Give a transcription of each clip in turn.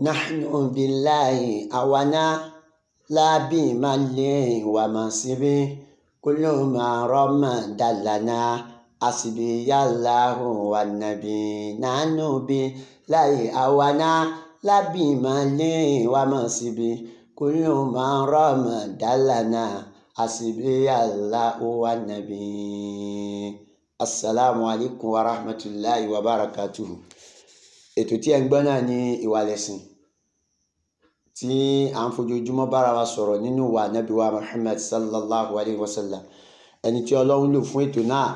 نحن بالله أونا لا بمال ومصيب كل ما رمد لنا حسبي الله والنبي نحن بالله أونا لا بمال ومصيب كل ما رمد لنا حسبي الله والنبي asalaamu alaykum wa rahmatulahi wa barakatuhu ètò tí ẹ ń gbọ́ náà ní ìwà lẹ́sìn tí à ń fojoojúmọ́ bára wa sọ̀rọ̀ nínú wa nabi wa Muhammad sallallahu alayhi wa sallam ẹni tí ọlọ́run lò fún ètò náà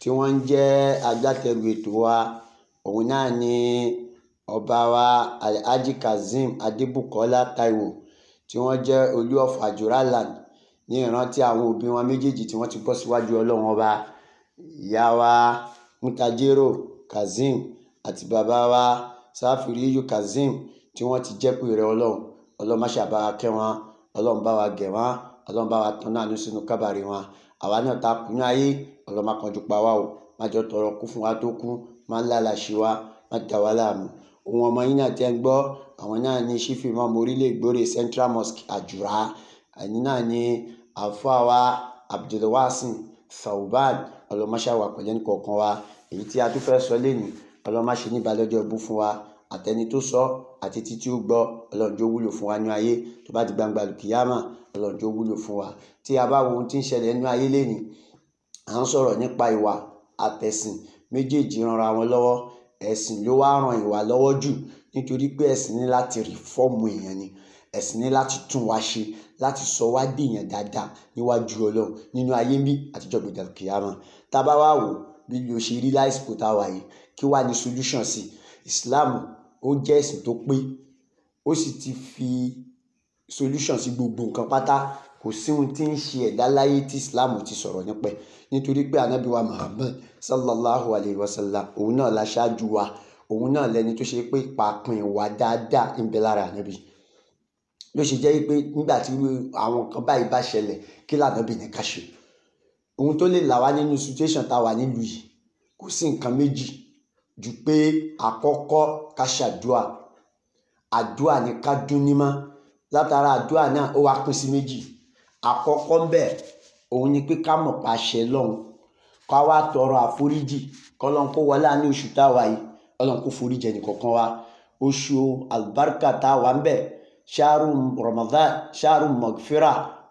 tí wọ́n ń jẹ́ agbátẹrù ètò wa òun náà ni ọba wa alhaji kazeem adébùkọ́lá taiwo tí wọ́n jẹ́ olú of àjùrà land ní ìrántí àwọn òbí wọn méjèèjì tí wọ́n ti bọ́ síwájú ọlọ́run ọba ìyá wa mutajero kazeem àti bàbá wa sáfìríyù kazeem tí wọ́n ti jẹ́ pèrè ọlọ́run ọlọ́run má ṣàbá wa kẹ́ wọn ọlọ́run bá wa gẹ̀ wọn ọlọ́run bá wa tán náà ní sínú kábàárì wọn àwa náà ta kú ní ayé ọlọ́run má kánjú pa wá o má jọ tọrọ kú fún wa tó kú má lálàṣí wa má dà wá láàmú ohun ọmọ yín náà tẹ́ ń gbọ́ àwọn náà ní sífì mọ́mọ́ orílẹ̀ ìgbórè Central Mosque àjùrà àní náà ní àfọwà Abdulwasin Sauban ọlọ́mọṣáwà pẹ̀lú ẹnì kọ̀ọ̀kan wa èyí tí a tún fẹ́ sọ lẹ́nu ọlọ́mọṣẹ́ níbalẹ́jọ́ ibú fún wa àtẹni tó sọ àti etí tí ó gbọ́ ọlọ́run jó wúlò fún wa ní ayé tó bá di gbangba lùkìyàmà ọlọ́run jó wúlò fún wa tí a bá wo ohun tí ń ṣẹlẹ̀ ní ayé lẹ́ni à ń sọ̀rọ̀ nípa ìwà àtẹ̀sìn méjèèjì ranra wọn lọ́wọ́ ẹ̀sìn ló wá ran ìwà lọ́wọ́ jù nítorí pé ẹ̀sìn ní láti rìfọ́ọ̀mù èèyàn ni ẹ̀sìn ní láti tún wa ṣe láti sọ wá dèèyàn dáadáa níwájú ọlọ́run nínú ayé mi solution sí Islam ó jẹ́ ẹ̀sìn tó pé ó sì ti fi solution sí gbogbo nǹkan pátá kò sí ohun tí ń ṣe ẹ̀dá láyé tí islam ti sọ̀rọ̀ nípa nítorí pé anabi wa muhammad sallallahu alayhi wa sallam òun náà la ṣáájú wa òun náà lẹni tó ṣe pé pàápín wa dáadáa ń bẹ lára anabi ló ṣe jẹ́ pé nígbà tí àwọn nǹkan báyìí bá ṣẹlẹ̀ kí lànàbì ní ká ṣe ohun tó lè là wá nínú situation tá a wà nílùú yìí kò sí nǹkan méjì ju pé àkọ́kọ́ ká ṣàdúà àdúà ni ká dún nímọ́ látara àdúà náà ó wá pín sí méjì àkọ́kọ́ ń bẹ̀ òun ni pé ká mọ̀ pa ṣẹ lọ́hùn ká wá tọrọ àforíjì kọ́lọ́n kó wọlé oṣù táwa yìí kọ́lọ́n kó foríjì ẹnìkọ̀ọ̀kan wa oṣù àlùbáríkà táwa ń bẹ̀ ṣáàrù Ramadan ṣáàrù magfira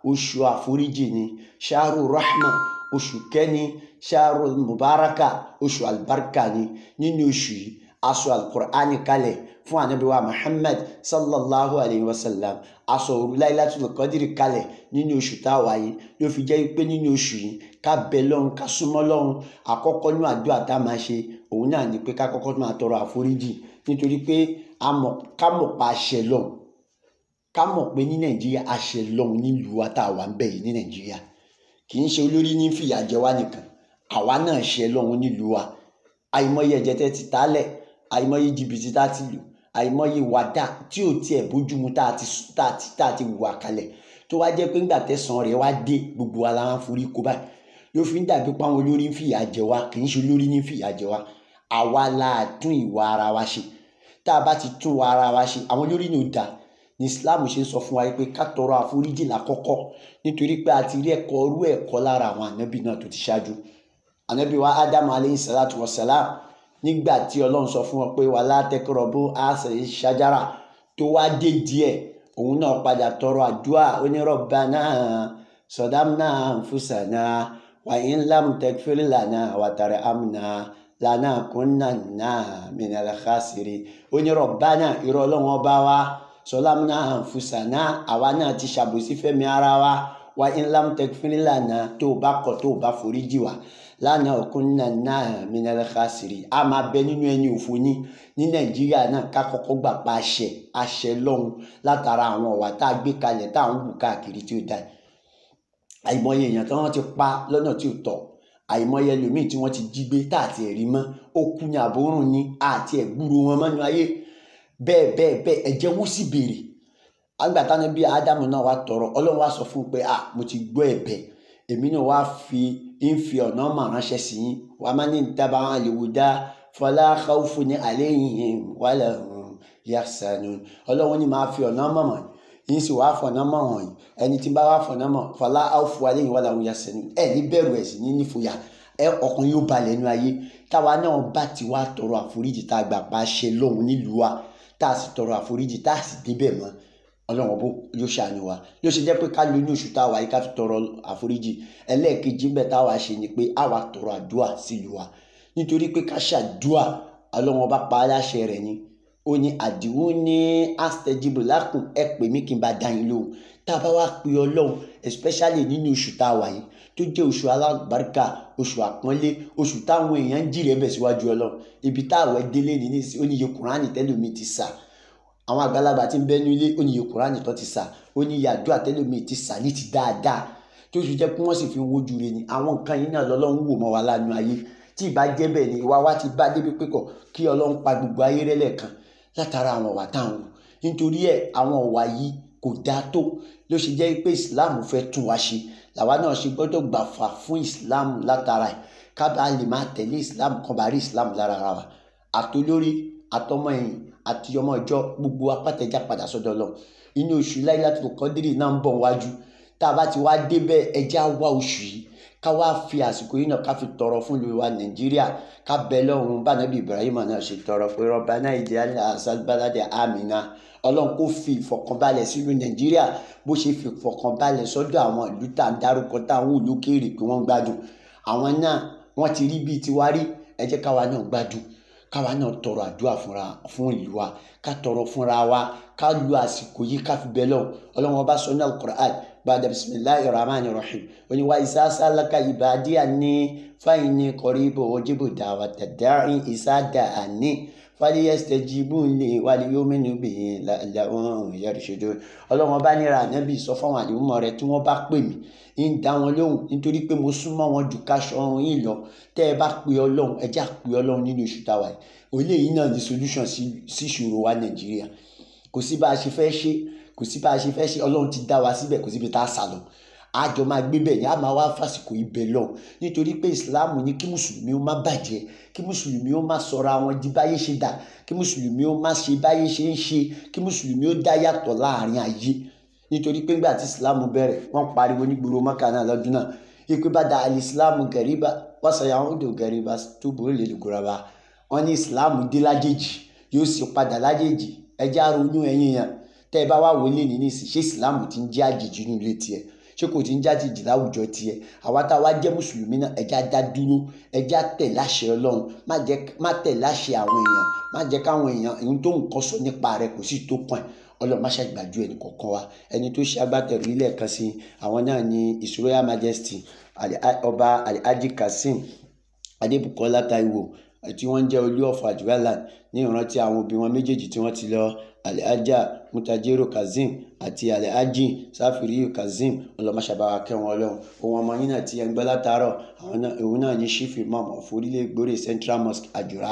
oṣù àforíjì ni ṣáàrù rahma oṣù kẹni ṣaaru mubaraka oṣù alibarika ni nínú oṣù yìí aṣọ alukur'ani kalẹ̀ fún anabiwa muhammad sallallahu alayhi wa sallam aṣọ òru láìlátul kọ́dírì kalẹ̀ nínú oṣù tá a wà yìí ló fi jẹ́ pé nínú oṣù yìí ká bẹ lọ́hùn ká súnmọ́ lọ́hùn àkọ́kọ́ ní àdúrà tá a máa ṣe òun náà ni pé ká kọ́kọ́ máa tọrọ àforíjì nítorí pé ká mọ̀ pa àṣẹ lọ́hùn ká mọ̀ pé ní nàìjíríà àṣẹ lọ́hùn nílùú wa tá a wà ń bẹ yìí ní nàìjíríà kì í ṣe olórí ní fìyà jẹ wá nìkan àwa náà ṣe lọ́hùn nílùú wa àìmọye ẹ̀jẹ̀ tẹ́ ti tálẹ̀ àìmọye jìbìtì tá ti lù àìmọye ìwà dá tí ò tiẹ̀ bójúmu tá a ti tá a ti tá a ti wà kalẹ̀ tó wá jẹ́ pé ńgbà tẹ̀sán rẹ̀ wá dé gbogbo ara wọn forí kó báyìí ló fi ń dàbí páwọn olórí ń fìyà jẹ wá kì í ṣe olórí ní fìyà jẹ wá àwa la tún ìwà ara wa ṣe tá a bá ti tún ìwà ara wa ṣe àwọn olórí ni ó dáa ni Islam ṣe ń sọ fún wa pé ká tọrọ àforíjì lákọ́kọ́ nítorí pé a ti rí ẹ̀kọ́ orú ẹ̀kọ́ lára àwọn ànábì náà tó ti ṣáájú ànábì wa Adam aleyhi salatu wa salam nígbà tí Ọlọ́run sọ fún wọn pé wà látẹ́kọ̀rọ̀ bó a sì ṣàjára tó wá dé díẹ̀ òun náà padà tọrọ àdúrà onírọ̀bà náà sọ̀dámnà fúsànà wàyí ńlá mùtẹ́kfẹ́lì lànà wàtàrẹ̀ àmùnà lànà kùnà náà mìnàlẹ́ khasiri onírọ̀bà náà ìrọ̀lọ́wọ́n sọlámúná àǹfùsànà àwa náà ti ṣàbòsí fẹ́mi ara wa wa inlam tẹkifin lànà tó o bá kọ̀ tó o bá forí jì wá lánàá òkun nàná mìnàlẹ́ka sèré a máa bẹ nínú ẹni òfò ní ní nàìjíríà náà ká kọ́kọ́ gbà pa àṣẹ àṣẹ lọ́hùn látara àwọn ọ̀wà tá a gbé kalẹ̀ tá à ń wù káàkiri tí ó da àìmọye èèyàn tí wọ́n ti pa lọ́nà tí ò tọ́ àìmọye ẹlòmíì tí wọ́n ti jí gbé tá àti ẹ̀rí mọ́ ó ní àbórùn ní àti ẹ̀gbúrú wọn mọ́nú ayé bẹ́ẹ̀ bẹ́ẹ̀ bẹ́ẹ̀ ẹ̀jẹ̀ wú sí béèrè agbàtà ni bí ádámù náà wá tọrọ ọlọ́run wá sọ fún un pé à mo ti gbọ́ ẹ̀bẹ̀ èmi náà wá fi ń fi ọ̀nà mà ránṣẹ́ sí yín wàá má ní dábà àlèwòdá fọlá káwùfù ní àlẹ́ yìnyín wàlẹ̀ yàtsẹ̀nu ọlọ́run ni màá fi ọ̀nà mọ̀mọ́ yìí sì wàá fọ̀nà mọ̀ hàn yìí ẹni tí bá wàá fọ̀nà mọ̀ fọlá káwùfù àlẹ́ yìí wàlẹ̀ yàtsẹ̀nu ẹ̀ ní bẹ̀rù ẹ̀sìn ní nífòyà ẹ ọkàn yóò balẹ̀ nínú ayé táwa náà bá ti wá tọrọ àforíjì tá a gbà pa ṣe lóhun nílùú wa tá a sì tọrọ àforíjì tá a sì débẹ̀ mọ́ ọlọ́run ọbọ yóò ṣàánú wa yóò ṣe jẹ́ pé ká lóyún oṣù táwa yìí ká fi tọrọ àforíjì ẹlẹ́ẹ̀kejì ń bẹ̀ táwa ṣe ni pé àwa tọrọ àdúà sílùú wa nítorí pé ká ṣàdúà ọlọ́run ọba pa á rẹ̀ ni ó ní àdìhún ní astẹjibu lákùn ẹ pè mí kí bá dá yín lóhùn tá a bá wá pe ọlọ́run especially nínú oṣù táwa yìí tó jẹ́ oṣù alábàárìkà oṣù àpọ́nlé oṣù táwọn èèyàn ń jìrẹ̀ bẹ̀ síwájú ọlọ́run ibi táwọn délé ní nísìnyí ó níye kùránì tẹ́lómi ti sà àwọn àgbàlagbà tí ń bẹ́nu ilé ó kùránì tó ti sà ó àdúrà tẹ́lómi ti sà ní ti dáadáa tó sì jẹ́ pé wọ́n sì fi wojú rẹ̀ ni àwọn nǹkan yìí náà lọ́lọ́run wò mọ́ wa lánú ayé tí ìbá jẹ́ bẹ́ẹ̀ ni ìwà wa ti bá débi pé kọ̀ kí ọlọ́run pa gbogbo ayé rẹ̀ lẹ́ẹ̀kan látara àwọn ọ̀wà táwọn nítorí ẹ̀ àwọn ọ̀wà yìí kò dáa tó ló ṣe jẹ́ pé Islam fẹ́ tún wa ṣe làwa náà ṣe gbọ́dọ̀ gbàfà fún islam látara ẹ̀ kábàá lè máa tẹ̀lé islam kan bá islam lára ara wa àtolórí àtọmọ ẹ̀yìn àti ọmọ ìjọ gbogbo apátẹjá padà sọ́dọ̀ lọ inú oṣù láìláàtò kọ́dírì náà ń bọ̀ wájú tá a bá ti wá débẹ̀ ẹjẹ́ á wá oṣù yìí ká wá fi àsìkò yìí náà ká fi tọrọ fún ìlú wa nàìjíríà ká bẹ lọ́hùn bánàbí ibrahim náà ṣe tọrọ pé rọba náà ìjìyà àṣàbáládé àmìnà ọlọ́run kó fi ìfọ̀kànbalẹ̀ sílùú nàìjíríà bó ṣe fi ìfọ̀kànbalẹ̀ sọ́dọ̀ àwọn ìlú tá à ń dárúkọ táwọn ìlú kéèrè pé wọ́n gbádùn àwọn náà wọ́n ti rí bíi tiwa rí ẹ káwa náà gbádùn káwa náà tọrọ àdúrà fúnra fún ìlú wa ká tọrọ fúnra wa ká lu àsìkò yìí ká fi bẹ lọ́hùn ọlọ́run ọba sọ náà al bàdà bisimilahi rahman rahim oní wa isa sálaka ìbàdíà ní fáyín ní kọríbò ojíbò dàwà tẹ̀dárín isa dà àní fàlíyẹsẹ̀ jìbù lè wàlí yomi níbi làwọn yẹrìṣẹjọ ọlọ́run ọba nira ànábì sọ fáwọn àdìmọ rẹ tí wọ́n bá pè mí ń dá wọn lóhùn nítorí pé mo súnmọ́ wọn jù káṣọ ọrùn yìí lọ tẹ́ ẹ bá pe ọlọ́run ẹ já pe ọlọ́run nínú oṣù táwa yìí òun lè náà ní solution sí ìṣòro wa nàìjíríà kò sí bá a ṣe fẹ́ ṣe kò sí bá a ṣe fẹ́ ṣe ọlọ́run ti dá wa síbẹ̀ kò síbi tá a sá lọ àjọ máa gbé bẹ́ẹ̀ ni a máa wá fásìkò ibẹ̀ lọ nítorí pé ìsìláàmù ní kí mùsùlùmí ó má bàjẹ́ kí mùsùlùmí ó má sọra wọn di báyé ṣe dà kí mùsùlùmí ó má ṣe báyé ṣe ń ṣe kí mùsùlùmí ó dá yàtọ̀ láàrin ayé nítorí pé ńgbà tí ìsìláàmù bẹ̀rẹ̀ wọ́n pariwo ní gbòòrò mọ́kà náà lọ́dún náà ipe bá da alìsíláàmù gẹ̀ríbà wàṣàyà wọn dò gẹ̀ríbà tó borí lè lùgùràbà wọn ní ìsìláàmù dé lájèjì yóò sì padà lájèjì ẹjẹ́ àrùn oyún ẹ̀yìn yẹn tẹ́ ẹ bá wá wọlé ní nísì ṣé islam ti ń jẹ́ àjèjì nínú ilé tiẹ̀ ṣé kò ti ń jáde jì láwùjọ tiẹ̀ àwa tá a wá jẹ́ mùsùlùmí náà ẹ̀já dá dúró ẹ̀já tẹ̀ láṣẹ ọlọ́run má tẹ̀ láṣẹ àwọn èèyàn má jẹ́ káwọn èèyàn ìhun tó nǹkan sọ nípa rẹ̀ kò sì tó pọ̀n ọlọ́run má ṣàgbàjú ẹnì kọ̀ọ̀kan wa ẹni tó ṣe agbátẹrù ilẹ̀ kan sí àwọn náà ní His Royal Majesty ọba Alhaji Kazeem Adébùkọ́lá Táíwò tí wọ́n ń jẹ́ olú ọ̀fọ̀ àdúrà land ní ìrántí àwọn òbí wọn méjèèjì tí wọ́n ti lọ alhaja mutajero kazeem àti alhaji safiriyu kazeem ọlọmọṣàbáwá kẹwọn ọlọ́run ohun ọmọ yín náà ti ẹgbẹ́ látàárọ̀ òun náà ní chief imam of orílẹ̀-ègbòrè central mosque àjùrà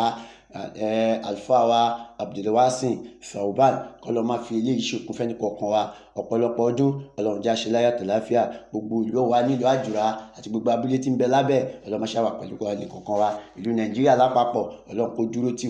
Eh, àlùfáà wa abdulwasin sauban kọlọ máa fi ilé ìṣòkun fẹ́ni kọ̀ọ̀kan wa ọ̀pọ̀lọpọ̀ ọdún ọlọ́run já ṣe láyà tó láfíà gbogbo ìlú wa nílùú àjùrà àti gbogbo abúlé tí ń bẹ lábẹ́ ọlọ́run máa ṣàwà pẹ̀lú ẹnì kọ̀ọ̀kan wa ìlú nàìjíríà lápapọ̀ ọlọ́run kó dúró tì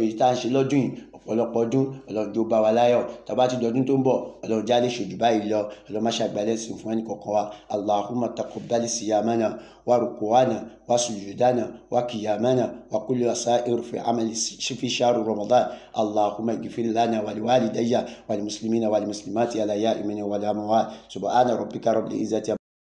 èyí tá à ń ṣe lọ́dún yìí ọ̀pọ̀lọpọ̀ ọdún ọlọ́run tó bá wa láyọ̀ tàbá ti dọdún tó ń bọ̀ ọlọ́run jáde ṣèjú báyìí lọ ọlọ́run má ṣàgbálẹ̀ sí fún ẹnì kọ̀ọ̀kan wa allahumma taqabbal siyamana wa rukuana wa sujudana wa qiyamana wa kulli wasa'ir fi amali fi shahri ramadan allahumma ighfir lana wa liwalidayya wa lilmuslimina wa lilmuslimati ala ya imani wa la mawat subhana rabbika rabbil izzati